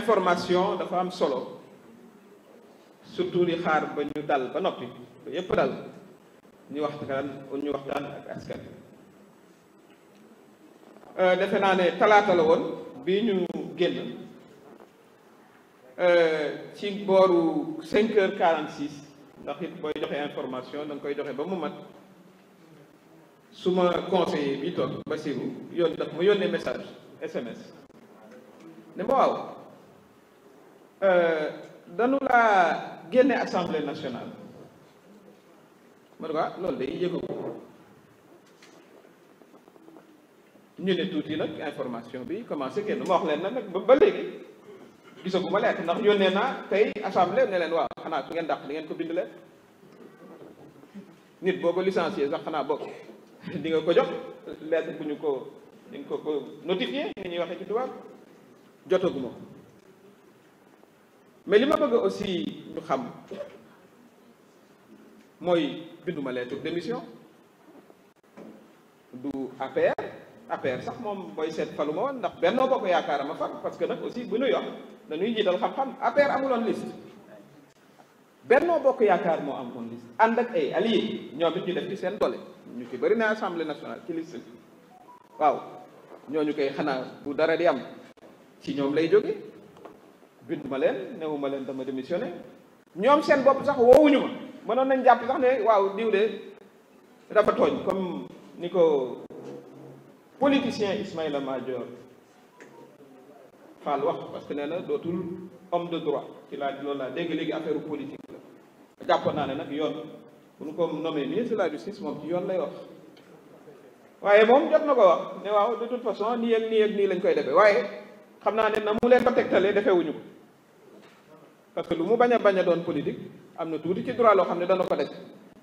information dafa am solo surtout di xaar ba ñu dal ba noppi ba yépp dal ñu waxtaan ñu waxtaan ak askan euh, defe naa ne talaata la woon bii ñu génn euh, ci booru cinq heures quarante six ndax it booy joxe information da koy joxe ba mu mat su ma conseiller bi toog Basirou yoon daf ma yónnee message SMS ne waaw Euh, dañu laa génne assemblée nationale ma ne ah, loolu day yëgu ko ñu ne tuuti nag information bi commencé kenn ma wax leen na nag ba ba léegi gisagu ma lettre ndax yónnee naa tey assemblée ne leen waaw xanaa su ngeen daq di ngeen ko bind lettre nit boo ko licencié sax xanaa bokk di ko jox lettre bu ñu ko di ko ko notifié ni ñuy waxee ci tubaab jotaguma mais li ma bëgg aussi ñu xam mooy binduma lettre démission du APR APR sax moom mooy seet falu ma woon ndax Benno Bokk Yaakaar ma far parce que nag aussi bu ñu yor dañuy jiital xam-xam APR amuloon liste Benno Bokk Yaakaar moo amoon liste ànd ak ay alliés ñoom it ñu def ci seen doole ñu ci bari na assemblée nationale ci liste bi waaw ñooñu koy xanaa bu dara di am ci ñoom lay jóge bind ma leen newu ma leen dama démissionné ñoom seen bopp sax woowuñu ma mënoon nañ jàpp sax ne waaw diw de a tooñ comme ni ko politicien Ismaïla Madior Fall wax parce que nee na dootul homme de droit ci laa loolu laa dégg léegi affaire politique la jàppoon naa ne nag yoon bu ñu ko nommé ministre de la justice moom ci yoon lay wax waaye moom jot na ko wax ne waaw de toute façon nii ak nii ak nii lañ koy defee waaye xam naa ne na mu leen ko tegtalee defewuñu ko parce que lu mu bañ a bañ a doon politique am na tuuti ci droit loo xam ne dana ko def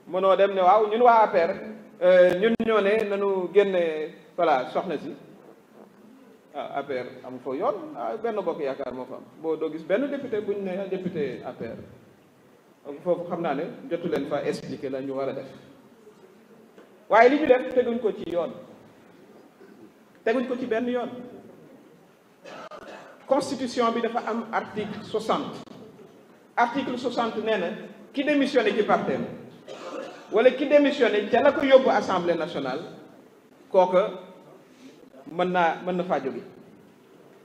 mënoo dem ne waaw ñun waa APR euh, ñun ñoo ne nañu génne voilà soxna si ah APR amu fa yoon ah, benn bokk yaakaar moo fa am boo doo gis benn député ñu ne député APR donc foofu xam naa ne jotu leen fa expliquer la ñu war a def waaye li ñu def teguñ ko ci yoon teguñ ko ci benn yoon constitution bi dafa am article soixante article 60 nee na ki démissionné ci parteem wala ki démissionné ca la ko yóbbu assemblée nationale kooka mën naa mën na fajo bi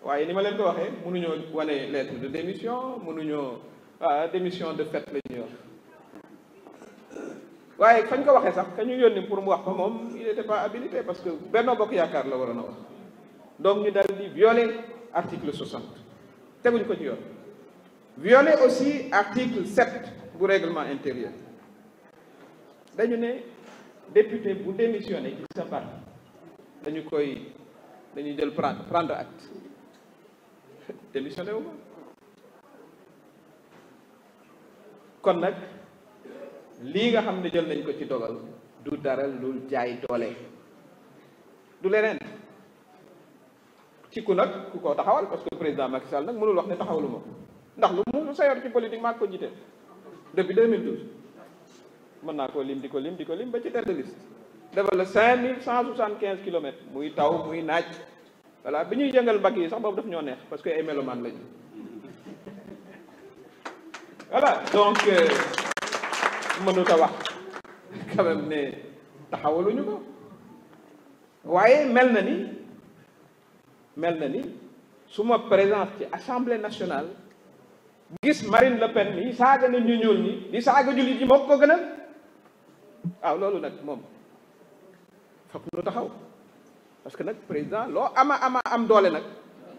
waaye ni ma leen ko waxee mënuñoo wane lettre de démission mënuñoo ah démission de fait la ñuy wax waaye fañ ko waxee sax ka ñu yónni pour mu wax ko moom il n'était pas habilité parce que Benno Bokk Yaakaar la waroon a wax donc ñu daal di violer article 60 teguñ ko ci yoon. violer aussi article 7 bu réglement intérieur dañu ne député bu démissionné ci sa parti dañu koy dañu jël prendre prendre acte démissionné wu kon nag lii nga xam ne jël nañ ko ci dogal du dara lu jaay doole du leneen ci ku nag ku ko taxawal parce que président Macky Sall nag mënul wax ne taxawlu ndax lu mu sa yor ci politique maa ko jiite depuis 2012 mën naa koo lim di ko lim di ko lim ba ci tête de liste defal la cinq mille cent soixante quinze kilomètres muy taw muy naaj voilà bi ñuy jëngal mbagg yi sax boobu daf ñoo neex parce que ay mélomanes lañu voilà donc euh, mënut ko waaye mel na ni mel na ni su suma présence ci assemblée nationale gis Marine Le Pen mi saaga na ñu ñuul ñi di saaga jullit yi moo ko gënal waaw loolu nag moom foog nu taxaw parce que nag président loo ama ama am doole nag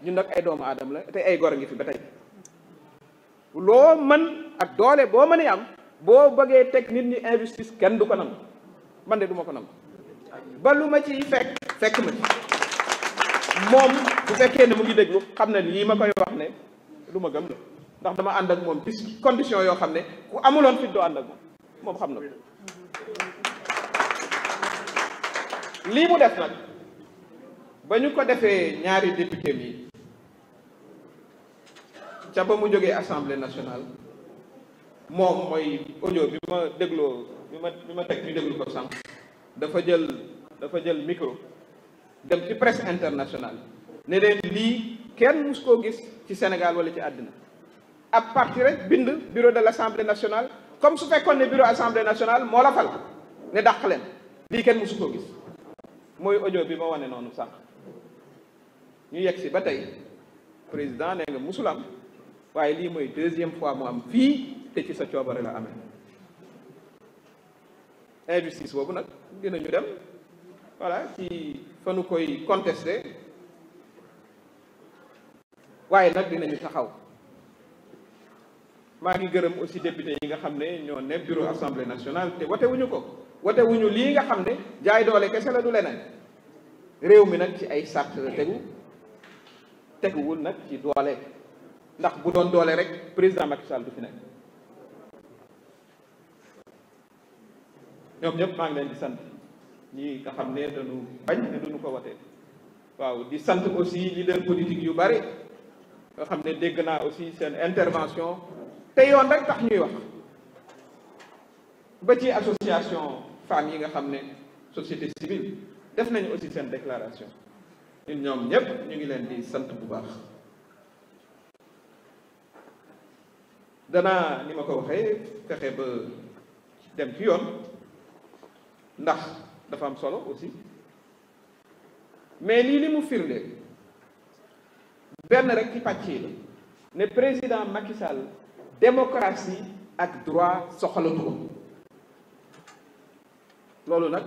ñu nag ay doomu aadama la te ay goro ngi fi ba tey loo mën ak doole boo mënee am boo bëggee teg nit ñi injustice kenn du ko nangu man de du ma ko nangu ba lu ma ci fekk fekk ma ci moom bu fekkee ne mu ngi déglu xam na nii ma koy wax ne lu ma gëm la ndax dama ànd ak moom ci condition yoo xam ne ku amuloon fit doo ànd ak moom moom xam na ko lii mu def nag ba ñu ko defee ñaari député yi ca ba mu jógee assemblée nationale moom mooy audio bi ma dégloo bi ma bi ma teg déglu ko sànq dafa jël dafa jël micro dem ci presse internationale ne leen lii kenn mus koo gis ci Sénégal wala ci àddina ab parti rek bind bureau de l' assemblée nationale comme su fekkoon ne bureau assemblée nationale moo la fal ne dàq leen lii kenn su ko gis mooy audio bi ma wane noonu sànq ñu yegg si ba tey président nee nga musul am waaye lii mooy deuxième fois mu am fii te ci sa coobare la amee injustice boobu nag dinañu dem voilà ci fanu koy contester waaye nag dinañu taxaw maa ngi gërëm aussi député yi nga xam ne ñoo ne bureau assemblée nationale te wote ko wote lii nga xam ne jaay doole kese la du leneen réew mi nag ci ay sart la tegu teguwul nag ci doole ndax bu doon doole rek président Macky Sall du fi nekk ñoom ñëpp maa ngi leen di sant ñi nga xam ne dañu bañ te duñu ko wote waaw di sant aussi leader politique yu bari nga xam ne dégg naa aussi seen intervention te yoon rek tax ñuy wax ba ci association femmes yi nga xam ne société civile def nañu aussi seen déclaration ñun ñoom ñépp ñu ngi leen di sant bu baax danaa ni ma ko waxee fexe ba dem fi yoon ndax dafa am solo aussi mais lii li mu firnde benn rek ci pàcc la ne président Macky Sall démocratie ak droit soxalatu ko loolu nag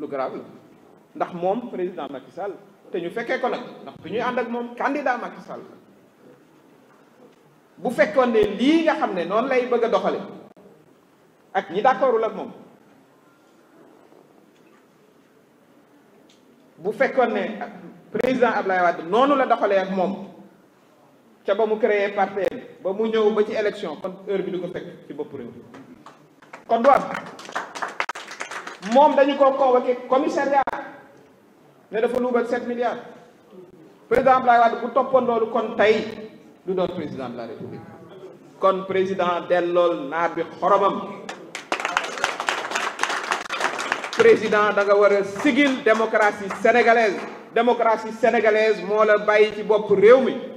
lu grave la ndax moom président Macky te ñu fekkee ko nag ndax bi ñuy ànd ak moom candidat Macky Sall bu fekkoon ne lii nga xam ne noonu lay bëgg a doxale ak ñi d'accordul ak moom bu fekkoon ne président Ablaye Wade noonu la doxalee ak moom ca ba mu créé parteem ba mu ñëw ba ci élection kon heure bi du ko fekk ci bopp réew kon du am moom dañu ko convoqué commissariat ne dafa luubal 7 milliards président Abdoulaye Wade bu toppoon loolu tey du président de république kon président dellool naar bi xoromam président da nga war a sigil démocratie sénégalaise démocratie sénégalaise moo la bàyyi ci bopp réew mi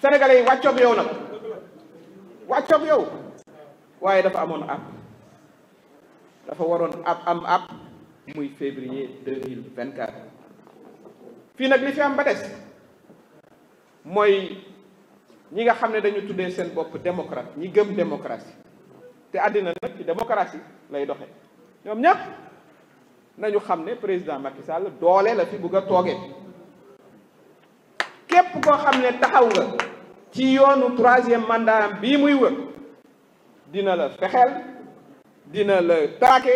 sénégalais yi wàccoog yow nag wàccoog yow waaye dafa amoon am dafa waroon app am app muy février deux mille vingt quatre fii nag li fi am ba des mooy ñi nga xam ne dañu tuddee seen bopp démocrate ñi gëm démocratie te àddina nag ci démocratie lay doxe ñoom ñëpp nañu xam ne président Macky Sall doole la fi bugg a toogee. képp koo xam ne taxaw nga ci yoonu troisième mandat bii muy wër dina la fexeel dina la traqué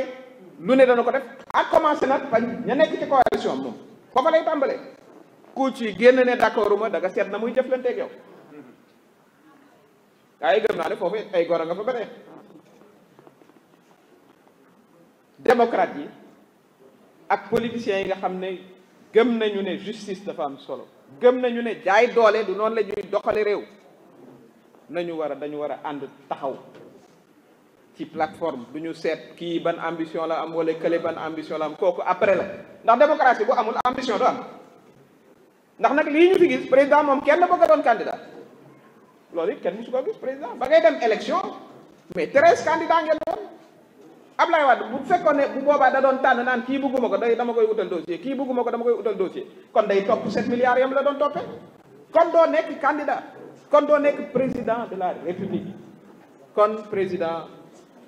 lu ne dana ko def ak commencé nag fa ñu nekk ci coalition moom foofa lay tàmbalee ku ci génn ne d'accord uma seet na muy jëflanteeg yow waaye gëm naa ne foofu ay goro nga fa ba démocrate yi ak politiciens yi nga xam ne gëm nañu ne justice dafa am solo gëm nañu ne jaay doole du noonu la ñuy doxale réew nañu war a dañu war a ànd taxaw ci plateforme du ñu seet kii ban ambition la am wala kële ban ambition la am kooku après la ndax démocratie bu amul ambition du am ndax nag lii ñu fi gis président moom kenn bëgg a doon candidat loolu it kenn musu ko gis président ba ngay dem élection mais treize candidats ngeen doon Ablaye Wade bu fekkoon ne bu boobaa da doon tànn naan kii bëgguma ko day dama koy utal dossier kii bëgguma ko dama koy utal dossier kon day topp 7 milliards yam la doon toppee kon doo nekk candidat kon doo nekk président de la république kon président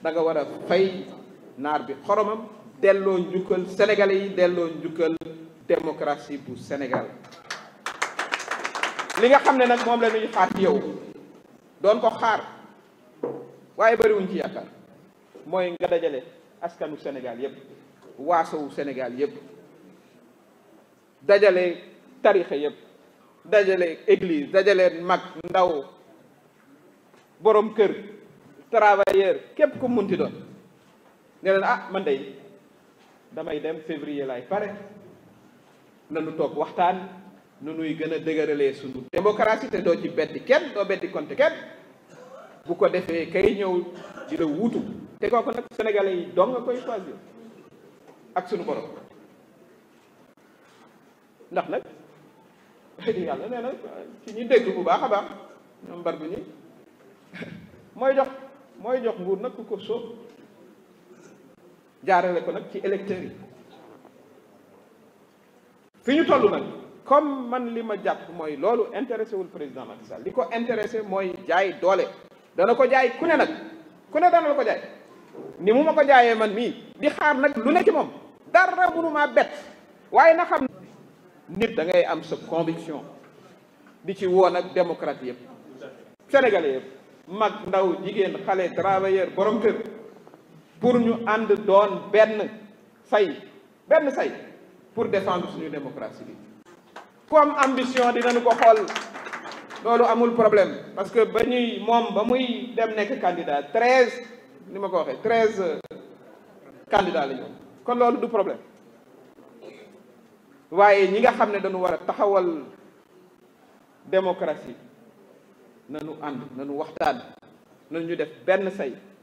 da nga war a fay naar bi xoromam delloo njukkal sénégalais yi delloo njukkal démocratie bu Sénégal li nga xam ne nag moom la ñuy xaar yow doon ko xaar waaye bëriwuñ ci yaakaar mooy nga dajale askanu Sénégal yëpp waasowu Sénégal yëpp dajale tarixa yëpp dajale église dajale mag ndaw borom kër travailleur képp ku munti doon ne leen ah man day damay dem février lay pare nanu toog waxtaan nu nuy gën a dëgëralee sunu démocratie te doo ci beddi kenn doo beddi compte kenn bu ko defee kay ñëw di la wuutu te kooku nag sénégalais yi doom nga koy choisir ak suñu borom ndax nag yàlla nee na ci ñu dégg bu baax a baax ñoom mbar bi ñi mooy jox mooy jox nguur nag ku ko sóob jaarale ko nag ci électeurs yi fi ñu toll nag comme man li ma jàpp mooy loolu intéressé wul président Macky Sall li ko intéressé mooy jaay doole dana ko jaay ku ne nag ku ne dana la ko jaay ni mu ma ko jaayee man mii di xaar nag lu nekk ci moom dara mënumaa bett waaye na xam nit da ngay am sa conviction di ci woon ak démocrate yëpp sénégalais yëpp mag ndaw jigéen xale travailleur borom kër pour ñu ànd doon benn say benn say pour défendre suñu démocratie bi comme ambition dinañu ko xool loolu amul problème parce que ba ñuy moom ba muy dem nekk candidat treize ni ma ko waxee treize candidats la kon loolu du problème waaye ñi nga xam ne dañu war a taxawal démocratie nañu ànd nanu waxtaan ñu def benn say